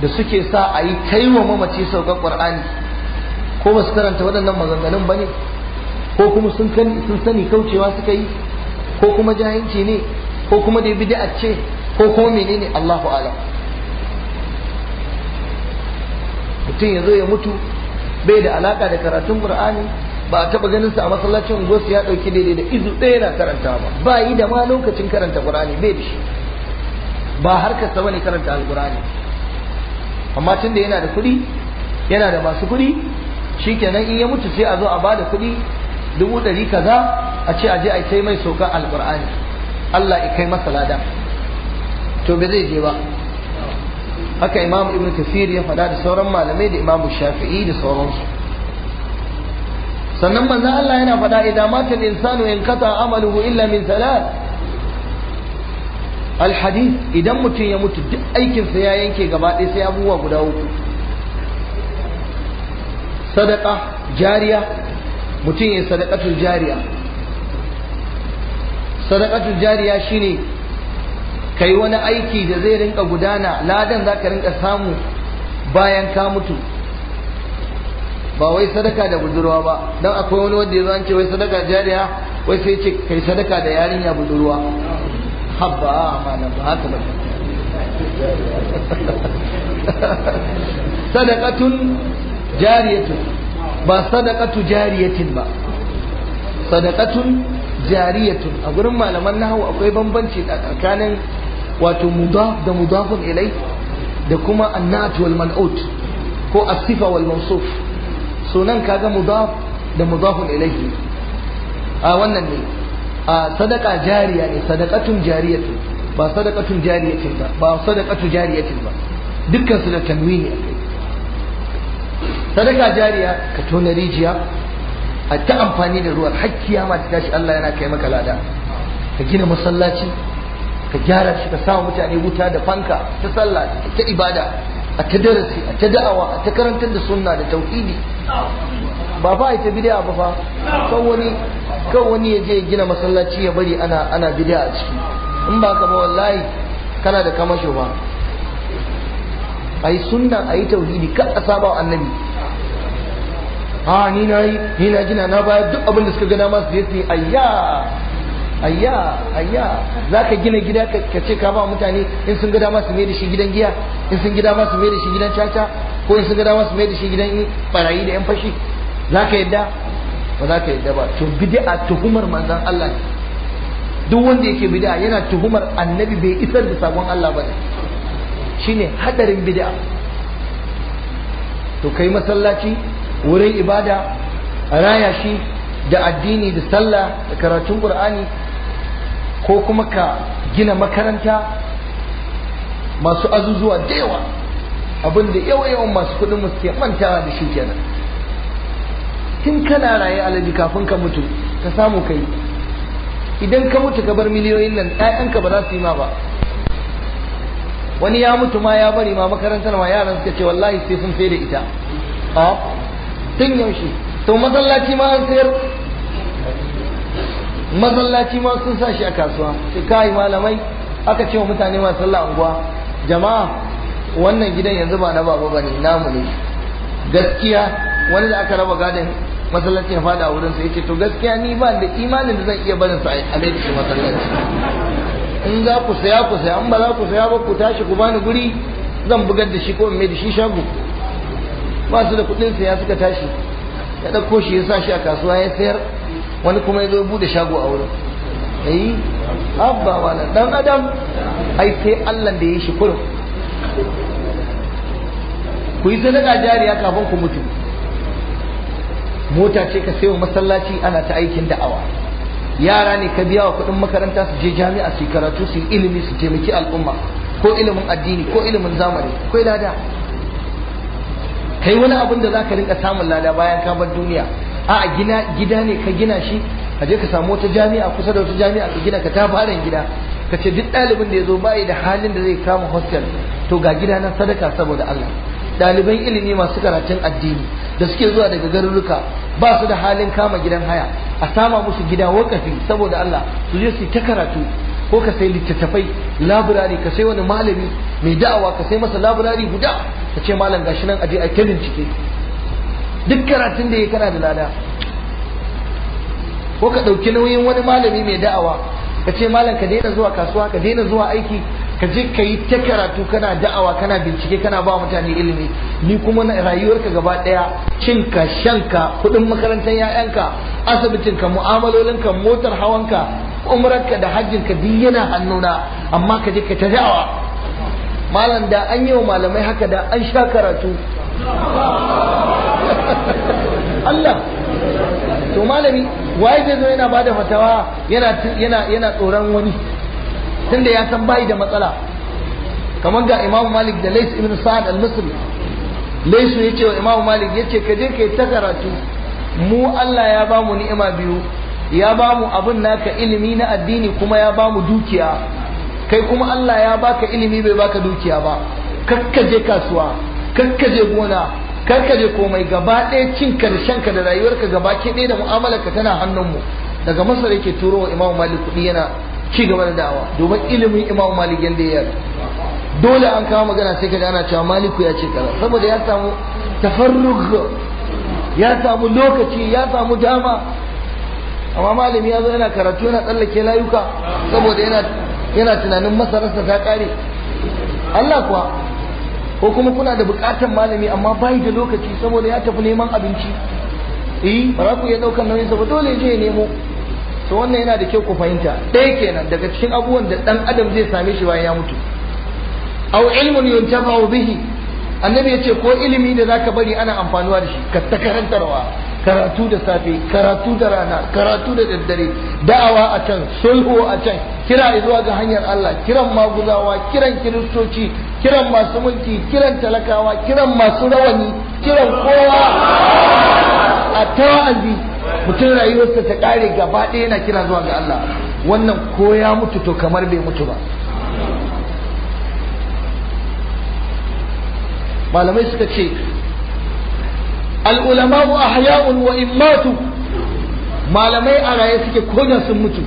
da suke sa a yi wa mamaci saukar ƙwar'ani ko ba karanta waɗannan maganganun ba ne ko kuma sun sani kaucewa suka yi ko kuma jahilci ne ko kuma dai bid'a ce ko kuma menene Allahu alam mutum ya zo ya mutu bai da alaka da karatun Ƙur'ani ba a taɓa ganin sa a masallacin unguwarsu ya ɗauki daidai da izu ɗaya na karanta ba ba yi da ma lokacin karanta Ƙur'ani bai da shi ba harkar sa bane karanta AlƘur'ani. amma tunda yana da kuɗi yana da masu kuɗi kenan in ya mutu sai a zo a ba da kuɗi dubu ɗari kaza a ce a je a kai mai saukan alƙur'ani Allah ya kai masa lada to ba zai je ba haka imam ibn kasir ya faɗa da sauran malamai da imam shafi'i da sauransu sannan manzo Allah yana faɗa idan mata insanu in qata amaluhu illa min salat alhadis idan mutum ya mutu duk aikinsa ya yanke gaba ɗaya sai abubuwa guda uku sadaka jariya mutum ya sadakatul jariya sadakatul jariya shine kai wani aiki da zai rinka gudana ladan zaka ka rinka samu bayan ka mutu ba wai sadaka da budurwa ba don akwai wani wanda ya zo an wai sadaka jariya wai sai ce kai sadaka da yarinya budurwa habba malam ba haka ba sadaqatun jariyatun ba sadaqatu jariyatin ba sadaqatun jariyatun a gurin malaman nahawu akwai bambanci tsakanin wato mudaf da mudafun ilai da kuma annat wal mal'ut ko asifa wal mawsuf sunan kaga mudaf da mudafun ilaihi a wannan ne a sadaka jariya ne sadakatun jariyatun ba sadakatun jariyatin ba ba sadakatu jariyatin ba dukkan su da tanwini a kai sadaka jariya ka tona rijiya a ta amfani da ruwan hakkiya ma ta tashi Allah yana kai maka lada ka gina masallaci ka gyara shi ka samu mutane wuta da fanka ta sallah ta ibada a ta darasi a ta da'awa a ta karantar da sunna da tauhidi ba fa ita bid'a ba fa kan wani kan wani ya je gina masallaci ya bari ana ana bid'a a ciki in ba ka ba wallahi kana da kamasho ba ai sunna ai tauhidi kar a saba annabi ha ni na yi ni na gina na bayar duk abin da suka gana ma su yi ayya ayya ayya za ka gina gida ka ce ka ba mutane in sun gada masu mai da shi gidan giya in sun gida masu mai da shi gidan caca ko in sun gada masu mai da shi gidan barayi da yan fashi za ka yadda ba za ka yadda ba to bid'a tuhumar manzon Allah duk wanda yake bid'a yana tuhumar annabi bai isar da sabon Allah ba ne shine hadarin bid'a to kai masallaci wurin ibada raya shi da addini da sallah da karatun ƙur'ani ko kuma ka gina makaranta masu azuzuwa da yawa abinda yawa yawan masu kudin musu ke mantawa da shi kenan tun kana raye alaji kafin ka mutu ka samu kai idan ka mutu ka bar miliyoyin nan ɗayanka ba za su yi ma ba wani ya mutu ma ya bari ma makarantar ma yaran suka ce wallahi sai sun da ita a tun yaushe to masallaci ma an sayar masallaci ma sun sa shi a kasuwa sai kai malamai aka ce wa mutane masu sallah unguwa jama'a wannan gidan yanzu ba na baba bane namu ne gaskiya wani da aka raba gadon masallacin ya fada wurin sa yace to gaskiya ni ba da imanin da zan iya barin sa a mai shi masallaci in za ku saya ku saya an ba za ku saya ba ku tashi ku bani guri zan bugar da shi ko in mai da shi shago ba su da kuɗin saya suka tashi ya ɗauko shi ya sa shi a kasuwa ya sayar wani kuma ya zo bude shago a wurin ai abba wala dan adam ai sai Allah da ya shi kurum ku yi sadaka jariya kafin ku mutu mota ce ka sayo masallaci ana ta aikin da'awa yara ne ka biya wa kuɗin makaranta su je jami'a su karatu su ilimi su taimaki al'umma ko ilimin addini ko ilimin zamani ko lada kai wani abin da zaka rinka samun lada bayan ka bar duniya a gina gida ne ka gina shi ka je ka samu wata jami'a kusa da wata jami'a ka gina ka tafarin gida ka ce duk ɗalibin da ya zo bayi da halin da zai kama hostel to ga gida na sadaka saboda Allah ɗaliban ilimi masu karatun addini da suke zuwa daga garuruka ba su da halin kama gidan haya a sama musu gida wakafi saboda Allah su je su ta karatu ko ka sai littattafai laburari ka sai wani malami mai da'awa ka sai masa laburari guda ka ce malam gashi nan aje a ta bincike duk karatun da ya kana da lada ko ka ɗauki nauyin wani malami mai da'awa ka ce malam ka daina zuwa kasuwa ka daina zuwa aiki ka je ka yi ta karatu kana da'awa kana bincike kana ba mutane ilimi ni kuma rayuwarka gaba daya cinka shanka kudin makarantar yayanka asibitinka mu'amalolinka motar hawanka umrarka da hajjinka duk yana hannuna amma ka je ka ta da'awa malam da an yi wa malamai haka da an sha karatu Allah to malami waye zai zo yana bada fatawa yana yana yana tsoron wani tunda ya san bai da matsala kamar ga Imam Malik da Lais ibn Sa'ad al-Misri Lais ce wa Imam Malik yace ka je kai ta karatu mu Allah ya ba mu ni'ima biyu ya ba mu abin naka ilimi na addini kuma ya ba mu dukiya kai kuma Allah ya baka ilimi bai baka dukiya ba kakkaje kasuwa kakkaje gona kakkaje komai gaba ɗaya cin karshen ka da rayuwarka gaba ke ɗaya da mu'amalarka tana hannunmu daga masar yake turo wa imamu malik kuɗi yana ci gaba da da'awa domin ilimin imam malik yadda ya yi. dole an kawo magana sai kaga ana cewa maliku ya ce kaza saboda ya samu tafarrug ya samu lokaci ya samu dama amma malami ya zo yana karatu yana tsallake layuka saboda yana yana tunanin masararsa ta kare Allah kuwa ko kuma kuna da bukatan malami amma bai da lokaci saboda ya tafi neman abinci eh ba za ku iya daukan nauyin sa ba dole je ya nemo to wannan yana da kyau ku fahimta ɗaya kenan daga cikin abubuwan da ɗan adam zai same shi bayan ya mutu aw ilmun yuntafa'u bihi annabi yace ko ilimi da zaka bari ana amfanuwa da shi ka takarantarwa karatu da safe karatu da rana karatu da daddare da'awa a can sulhu a can kira zuwa ga hanyar Allah kiran maguzawa kiran kiristoci kiran masu mulki kiran talakawa kiran masu rawani kiran kowa a tawa'azi mutum rayuwarsa ta kare gaba ɗaya yana kira zuwa ga Allah wannan ko ya mutu to kamar bai mutu ba malamai suka ce al'ulama'u a haya'un wa immatu malamai a raye suke koda sun mutu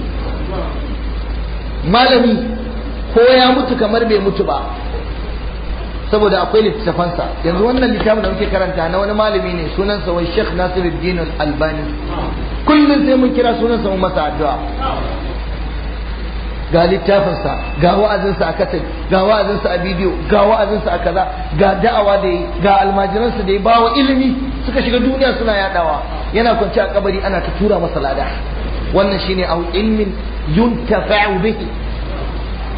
malami ko ya mutu kamar bai mutu ba saboda akwai littafansa yanzu wannan littafin da muke karanta na wani malami ne sunansa wai Sheikh Nasiruddin Albani kullum sai mun kira sunansa mun masa addu'a ga littafinsa ga wa'azinsa a katin ga wa'azinsa a bidiyo ga wa'azinsa a kaza ga da'awa da yi ga almajiransa da ya bawa ilimi suka shiga duniya suna yadawa yana kwance a kabari ana ta tura masa lada wannan shine au ilmin yuntafa'u bihi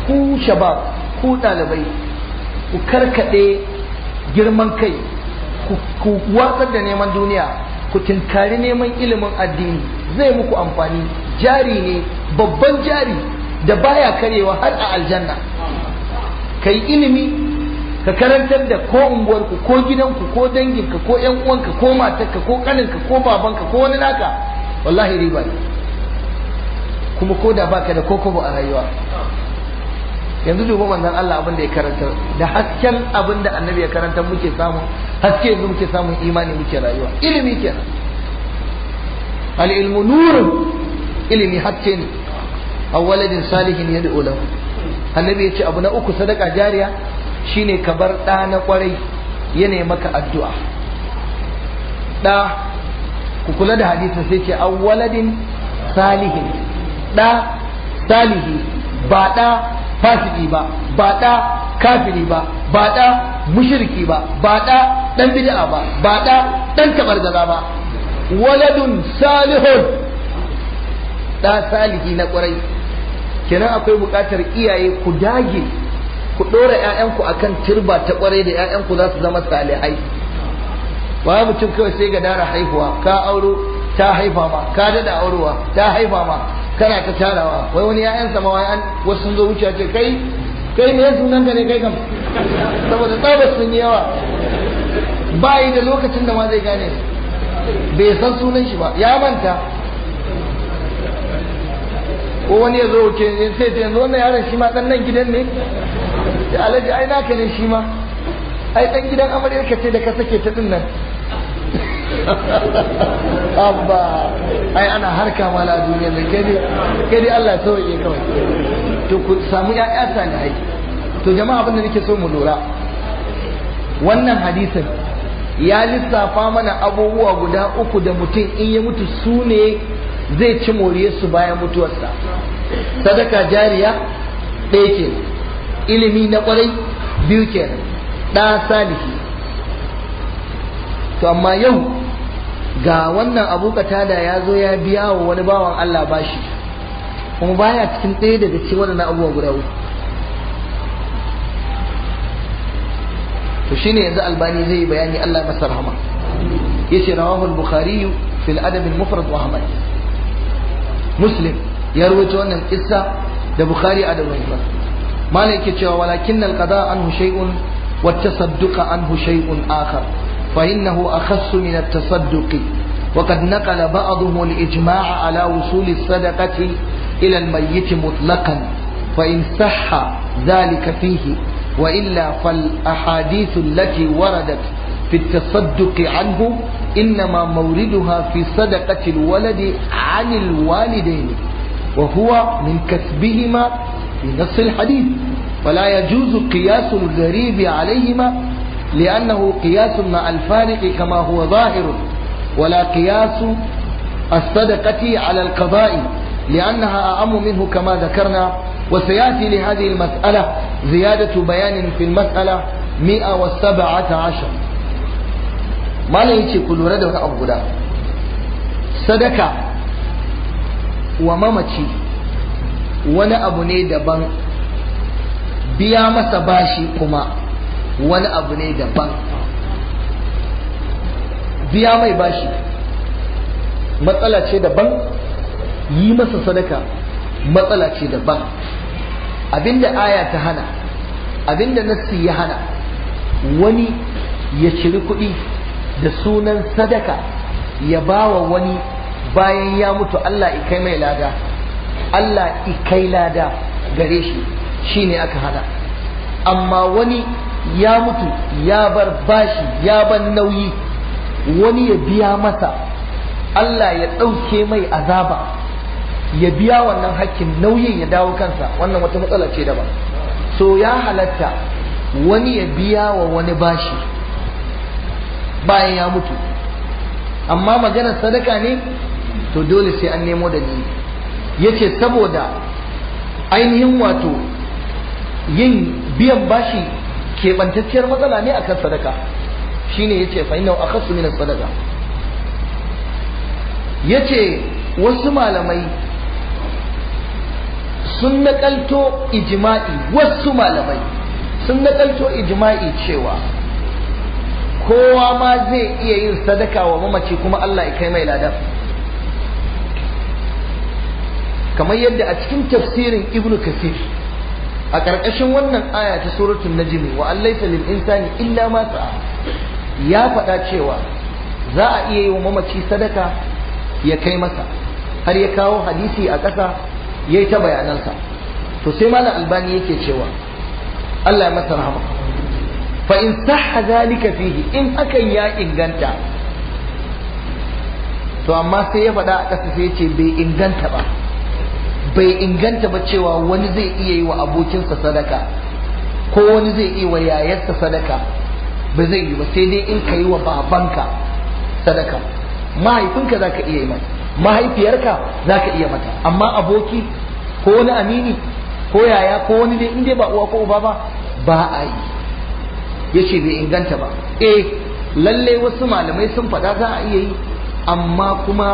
ku shabab ku dalibai ku karkaɗe girman kai ku watsar da neman duniya ku tinkari neman ilimin addini zai muku amfani jari ne babban jari da baya karewa har a aljanna kai ilimi ka karantar da ko unguwarku ko gidanku ko danginka ko yan uwanka ko matarka ko kaninka ko babanka ko wani naka wallahi riba ne kuma ko da baka da kokobo a rayuwa yanzu duba manzon Allah abin da ya karanta da hasken abin da annabi ya karanta muke samu haske yanzu muke samun imani muke rayuwa ilimi kenan al ilmu nurin ilimi haske ne aw waladin salihin yad'u lahu annabi ya ce abu na uku sadaka jariya shine ka bar ɗa na kwarai yana maka addu'a ɗa ku kula da hadisi sai ce aw waladin salihin ɗa salihi ba ɗa fasiki ba ba ɗa kafiri ba ba ɗa mushriki ba ba ɗa ɗan bid'a ba ba ɗa ɗan tabargaza ba waladun salihun ɗa salihi na ƙwarai kenan akwai buƙatar iyaye ku dage ku ɗora 'ya'yanku akan turba ta ƙwarai da 'ya'yanku za su zama salihai ba mutum kawai sai ga dara haihuwa ka auro ta haifa ma ka dada aurowa ta haifa ma kana ta tarawa wai wani ya'yan sama wai an wasu sun zo wuce ce kai kai me sunan nan gane kai kam saboda tsabar sun yi yawa ba yi da lokacin da ma zai gane bai san sunan shi ba ya manta ko wani ya zo ke sai ta yanzu wannan yaron shi ma dan nan gidan ne ya alaji ai naka ne shi ma ai dan gidan amaryar ka ce da ka sake ta din nan abba ai ana harka ma na duniya da gani gani Allah sauke kawai to ku samu ƴaƴa sani ai to jama'a abinda nake so mu lura wannan hadisin ya lissafa mana abubuwa guda uku da mutum in ya mutu su ne zai ci moriye su bayan mutuwarsa sadaka jariya ɗaya ke ilimi na ƙwarai biyu ke ɗa salihi to amma yau ga wannan abu katada ya zo ya biya wa wani bawan Allah bashi kuma baya cikin ɗaya daga cikin waɗannan abubuwa guda uku to shine yanzu albani zai yi bayani Allah masa rahama yace rawahu al-bukhari fi al-adab al-mufrad wa ahmad muslim ya rawaito wannan kissa da bukhari adab al-mufrad malai yake cewa walakin al-qada anhu shay'un wa tasadduqa anhu shay'un akhar فإنه أخص من التصدق وقد نقل بعضهم الإجماع على وصول الصدقة إلى الميت مطلقا فإن صح ذلك فيه وإلا فالأحاديث التي وردت في التصدق عنه إنما موردها في صدقة الولد عن الوالدين وهو من كسبهما في نص الحديث ولا يجوز قياس الغريب عليهما لأنه قياس مع الفارق كما هو ظاهر ولا قياس الصدقة على القضاء لأنها أعم منه كما ذكرنا وسيأتي لهذه المسألة زيادة بيان في المسألة 117 ما يجي كل ورد أبو صدقة وممتي wani abu ne daban biya masa bashi kuma wani abu ne daban biya mai bashi matsala ce daban yi masa sadaka matsala ce daban abinda aya ta hana abinda nassi ya hana wani ya ciri kuɗi da sunan sadaka ya bawa wani bayan ya mutu Allah ikai mai lada Allah ikai lada gare shi shi ne aka hana amma wani ya mutu ya bar bashi ya bar nauyi wani ya biya masa Allah ya ɗauke mai azaba ya biya wannan hakkin nauyin ya dawo kansa wannan wata matsala ce daban so ya halatta wani ya biya wa wani bashi bayan ya mutu amma maganar sadaka ne to dole sai an nemo da Ya yace saboda ainihin wato yin biyan bashi keɓantacciyar matsala ne akan sadaka shine yace fa innahu akhassu min sadaka yace wasu malamai sun nakalto ijma'i wasu malamai sun nakalto ijma'i cewa kowa ma zai iya yin sadaka wa mamaci kuma Allah ya kai mai lada, kamar yadda a cikin tafsirin ibnu kasir a ƙarƙashin wannan aya ta suratul najmi wa allaysa lil insani illa ma sa'a ya faɗa cewa za a iya yi wa mamaci sadaka ya kai masa har ya kawo hadisi a ƙasa ya yi ta bayanansa to sai malam albani yake cewa Allah ya masa rahama fa in sahha zalika fihi in hakan ya inganta to amma sai ya faɗa a ƙasa sai ya ce bai inganta ba bai inganta ba cewa wani zai iya yi wa abokinsa sadaka ko wani zai iya wa yayarsa sadaka ba zai yi ba sai dai in ka yi wa babanka sadaka mahaifinka za ka iya yi mata mahaifiyarka za ka iya mata amma aboki ko wani amini ko yaya ko wani dai in dai ba uwa ko uba ba ba a yi ya ce bai inganta ba eh lalle wasu malamai sun faɗa za a iya yi amma kuma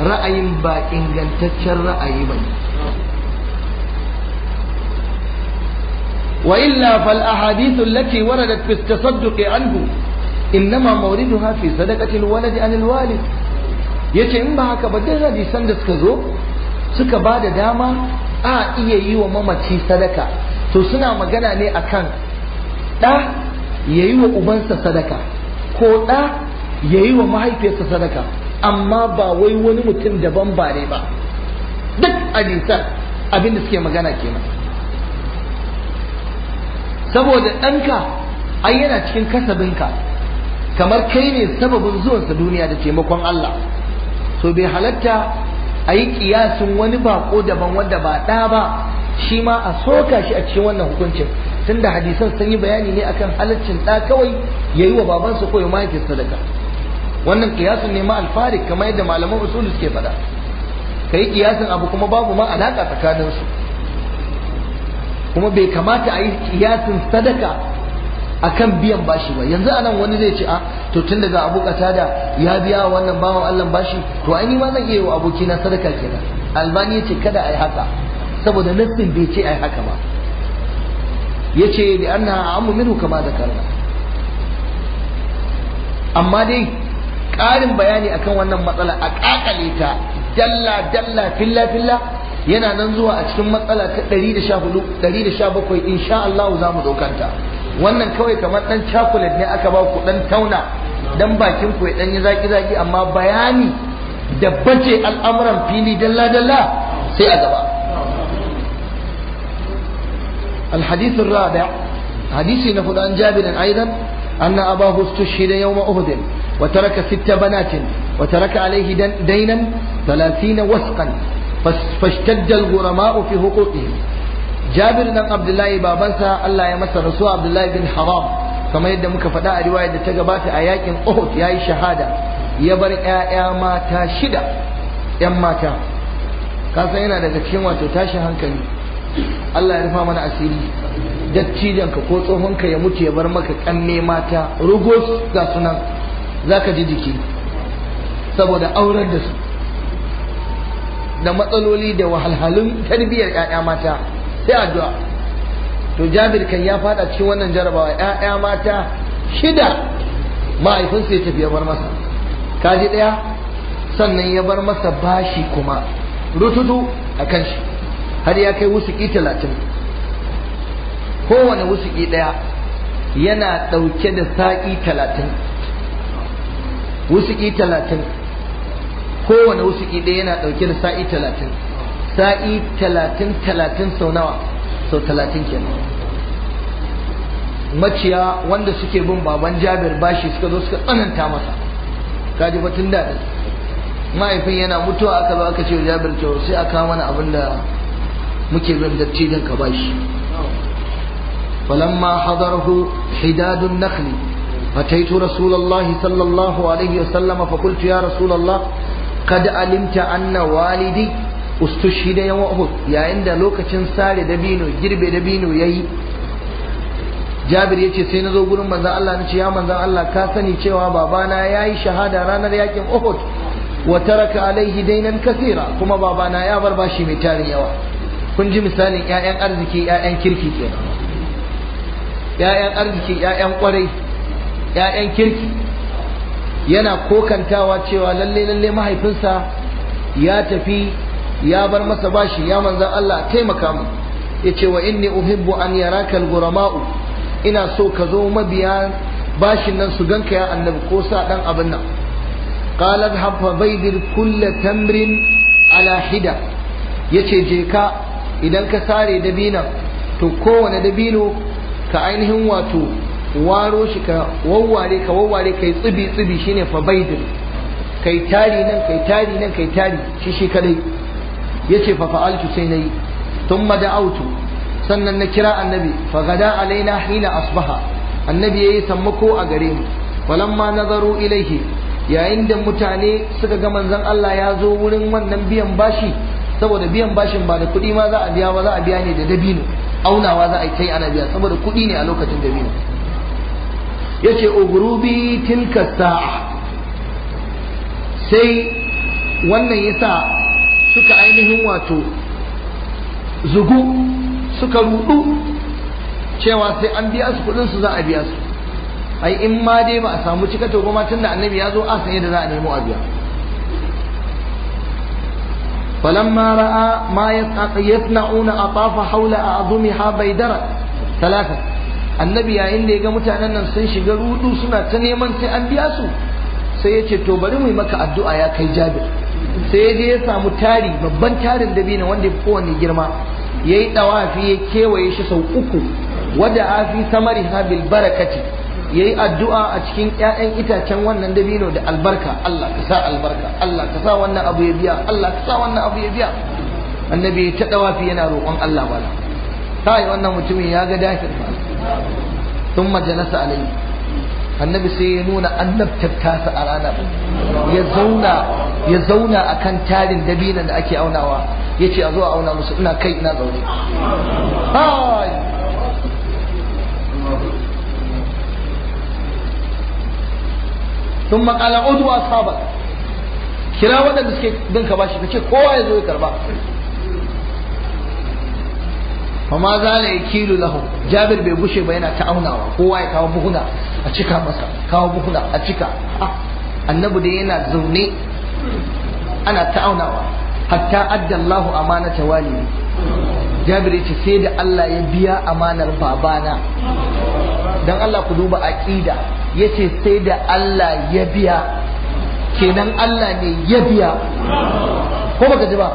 ra'ayin ba ingantaccen ra'ayi ba ne وإلا فالأحاديث التي وردت في التصدق عنه إنما موردها hafi صدقة الولد عن الوالد yace in ba haka ba duk hadisan da suka zo suka ba da dama a iya yiwa mamaci sadaka to suna magana ne akan ɗa ya yi wa ubansa sadaka ko ɗa ya yi wa mahaifiyarsa sadaka amma ba wai wani mutum daban ba ne ba duk hadisan abinda suke magana kenan saboda ɗanka ai yana cikin kasabinka kamar kai ne sababin zuwansa duniya da taimakon Allah so bai halatta a yi kiyasin wani bako daban wanda ba ɗa ba shi ma a soka shi a cikin wannan hukuncin tunda hadisan sun yi bayani ne akan halaccin ɗa kawai ya yi wa babansa ko ya mahaifin sadaka wannan ƙiyasin ne ma alfarik kamar yadda malaman usulu suke faɗa ka yi kiyasin abu kuma babu ma alaƙa tsakaninsu kuma bai kamata a yi kiyasin sadaka akan biyan bashi ba yanzu anan wani zai ce a to tun daga abu da ya biya wannan bawan Allah bashi to ai ma zan iya wa na sadaka kenan albani ya ce kada a yi haka saboda nassin bai ce a yi haka ba ya ce da an amu minu kama da karna amma dai ƙarin bayani akan wannan matsala a ƙaƙale ta dalla dalla filla filla yana nan zuwa a cikin matsala ta 114 117 insha Allah za mu ɗaukanta wannan kawai kamar ɗan chocolate ne aka ba ku ɗan tauna dan bakin ku ya yi zaki zaki amma bayani da bace al'amuran fili dalla dalla sai a gaba الحديث الرابع حديث نقول عن جابر أيضا أن أباه استشهد يوم أهد وترك ست بنات وترك عليه دينا ثلاثين وسقا فاشتد الغرماء في حقوقهم جابر بن عبد الله بابنسا الله يا مسا رسول عبد الله بن حرام كما muka faɗa a riwaya da ta gabata a yakin Uhud yayi shahada ya bar 'ya'ya mata shida Yan mata ka san yana daga cikin wato tashin hankali Allah ya rufa mana asiri dattijan ka ko tsohon ka ya mutu ya bar maka kanne mata rugos ga sunan zaka ji jiki saboda aurar da su da matsaloli da wahalhalun tarbiyyar ƴaƴa mata sai addu'a to Jabir kan ya fada cikin wannan jarabawa ƴaƴa mata shida mahaifinsa ya tafi ya bar masa kaji ɗaya sannan ya bar masa bashi kuma rututu a kan shi har ya kai wusuki talatin kowane wusuki ɗaya yana ɗauke da saƙi talatin wusuki talatin kowane wusuki ɗaya yana ɗauke da sa'i talatin sa'i talatin talatin sau nawa sau talatin kenan maciya wanda suke bin baban jabir bashi suka zo suka tsananta masa Ka kaji batun daɗi mahaifin yana mutuwa aka zo aka ce jabir to sai a kawo mana abin da muke bin dattijan ka bashi فلما حضره حداد النخل أتيت رسول الله صلى الله عليه وسلم فقلت يا رسول kad alimta anna walidi ustushhida yawm uhud yayin da lokacin sare dabino girbe dabino yayi Jabir yace sai na zo gurin manzon Allah nace ya manzon Allah ka sani cewa babana yayi shahada ranar yakin Uhud wa taraka alaihi dainan kasira kuma babana ya bar bashi mai tari yawa kun ji misalin 'ya'yan arziki 'ya'yan kirki kenan Ya'yan arziki 'ya'yan kwarai 'ya'yan kirki yana kokantawa cewa lalle lalle mahaifinsa ya tafi ya bar masa bashi ya manzan Allah taimaka mu ce wa inni uhibbu an yaraka al-ghurama'u ina so ka zo mabiya bashin nan su ganka ya annabi ko sa dan abin nan qalat hafa baydil kulla tamrin ala hida yace je ka idan ka sare dabinan to kowane dabino ka ainihin wato waro shi ka wawware ka wawware kai tsibi tsibi shine fabaidin kai tari nan kai tari nan kai tari shi shi kadai yace fa fa'altu sai nayi thumma mada'autu sannan na kira annabi fa gada alaina hina asbaha annabi yayi sammako a gare mu walamma nazaru ilaihi yayin da mutane suka ga manzon Allah ya zo wurin wannan biyan bashi saboda biyan bashin ba da kuɗi ma za a biya ba za a biya ne da dabino aunawa za a yi kai ana biya saboda kuɗi ne a lokacin dabino yace ughrubi tilka sa'a sai wannan yasa suka ainihin wato zugu suka rudu cewa sai an biya su kudin su za a biya su ai in ma dai ba a samu cikato ba tun da annabi ya zo a sanye da za a nemo a biya فلما رأى ما يصنعون أطاف حول أعظمها بيدرا ثلاثة annabi yayin da ya ga mutanen nan sun shiga rudu suna ta neman sai an biya su sai ya ce to bari mu yi maka addu'a ya kai jabir sai ya je ya samu tari babban tarin dabino wanda ya fi kowanne girma ya yi ɗawafi ya kewaye shi sau uku wadda afi samari habil barakati ya yi addu'a a cikin ‘ya'yan itacen wannan dabino da albarka Allah ka sa albarka Allah ka sa wannan abu ya biya Allah ka sa wannan abu ya biya annabi ta ɗawafi yana roƙon Allah bala kai wannan mutumin ya ga dafin ba thumma jalasa alayhi annabi sai ya nuna annabtar tasa a ranar ya zauna ya zauna akan tarin dabinan da ake aunawa ya ce a zo a auna musu ina kai ina zaune sun makala udu ashabar kira waɗanda suke bin ka bashi ka kowa ya zo ya karba fa ma za zala yakilu lahu jabir bai gushe ba yana ta'aunawa, aunawa kowa ya kawo buhuna a cika masa kawo buhuna a cika annabi da yana zaune ana ta'aunawa, hatta adda amana amanata walidi jabir ya ce sai da Allah ya biya amanar babana dan Allah ku duba aqida yace sai da Allah ya biya kenan Allah ne ya biya ko baka ji ba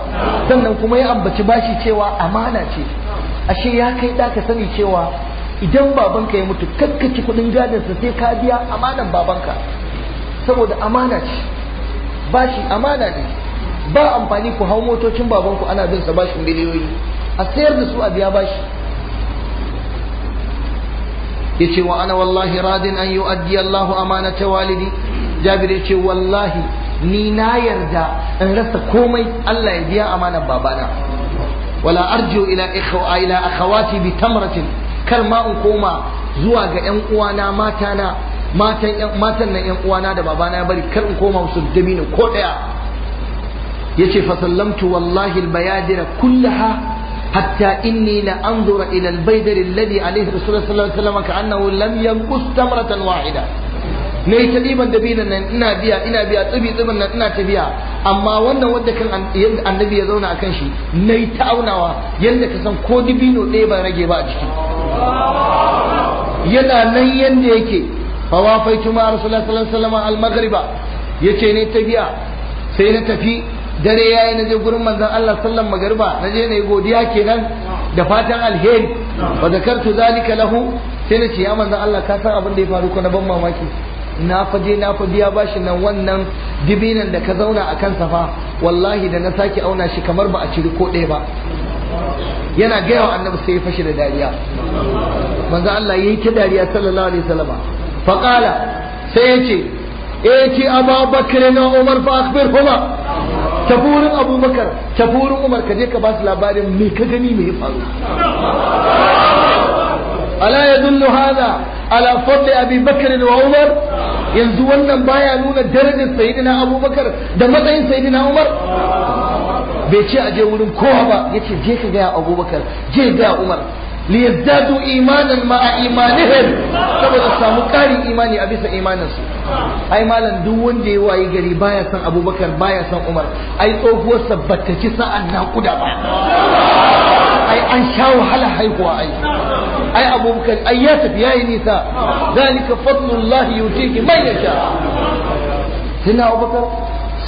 sannan kuma ya ambaci bashi cewa amana ce ashe ya kai da ka sani cewa idan babanka ya mutu kakkaci kudin gadinsa sai ka biya amanan babanka saboda amana ce bashi amana ne ba amfani ku hau motocin babanku ana bin sa bashin miliyoyi a sayar da su a biya bashi yace wa ana wallahi radin an yu'addi Allah amanata walidi Jabir yace wallahi ni na yarda in rasa komai Allah ya biya amanan babana wala arju ila ikhwa bi tamratin kar ma in koma zuwa ga yan uwana mata na matan nan yan uwana da babana ya bari kar in koma musu dabino ko ɗaya. yace fa sallamtu wallahi albayadira kullaha hatta inni la anzura ila albaydar alladhi alayhi rasulullah sallallahu alaihi wasallam ka'annahu lam yanqus tamratan wahida na ta ta da dabinan nan ina biya ina biya tsibi tsibin nan ina ta biya amma wannan wanda kan annabi ya zauna a shi na ta aunawa yadda ka san ko dibino ɗaya ba rage ba a ciki yana nan yadda yake fawafai tuma rasulullah sallallahu alaihi al-maghriba yace ne biya sai na tafi dare yayi na je gurin manzon Allah sallallahu magariba na je na yi godiya kenan da fatan alheri wa zakartu zalika lahu sai na ce ya manzon Allah ka san abin da ya faru ko na ban mamaki na faje na fa biya ba shi nan wannan dibinan da ka zauna a kansa fa wallahi da na sake auna shi kamar ba a ciri ko ɗaya ba yana gaya wa annabi sai ya fashe da dariya manzo Allah yayi ta dariya sallallahu alaihi wasallam fa qala sai yace eti Abu Bakr na Umar fa akhbirhuma tafurin Abu Bakar tafurin Umar ka je ka ba su labarin me ka gani me ya faru ala yadullu hada ala fadli Abi Bakr wa Umar yanzu wannan baya nuna darajar saidina abubakar da matsayin sayyidina umar bai ce a je wurin kowa ba ya ce je ka gaya abubakar je gaya umar liyazdadu imanan ma'a imanihim saboda samu ƙarin imani a bisa imaninsu ai malam duk wanda ya wayi gari baya san abubakar baya san umar ai tsohuwarsa ba ta ci sa'an naƙuda ba ai an sha wahala haihuwa ai ai abubakar ai ya tafi yayi nisa zalika fadlullah yutihi man yasha sayyidina abubakar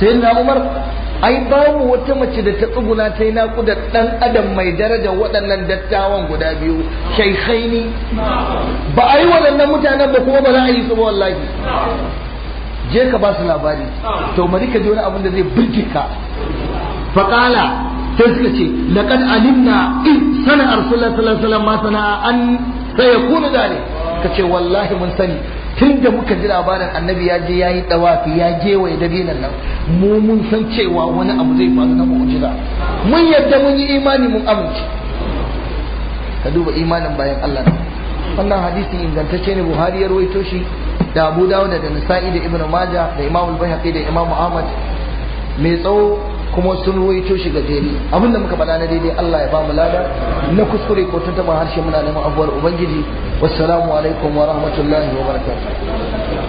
sayyidina umar ai babu wata mace da ta tsuguna ta yi naƙuda ɗan adam mai daraja waɗannan dattawan guda biyu shaikhaini ba a yi waɗannan mutanen ba kuma ba za a yi su ba wallahi je ka ba su labari to bari ka ji wani abin da zai burge ka faƙala sai suka ce laqad alimna in sana rasulullah sallallahu alaihi wasallam ma sana an sayakunu dalik kace wallahi mun sani tun da muka ji labarin annabi ya je ya yi dawafi ya je wa ya dabinan nan mu mun san cewa wani abu zai faru na mu'jiza mun yadda mun yi imani mun amince ka duba imanin bayan Allah wannan hadisin ingantacce ne Buhari ya rawaito shi da Abu Dawud da Nasa'i da Ibn Majah da Imam Al-Baihaqi da Imam Ahmad mai tsawo kuma sun ruwaito shi gajeri abin da muka faɗa na daidai Allah ya bamu lada na kuskure ko tuntuɓar harshe muna neman abuwar ubangiji wassalamu alaikum wa rahmatullahi wa barakatuh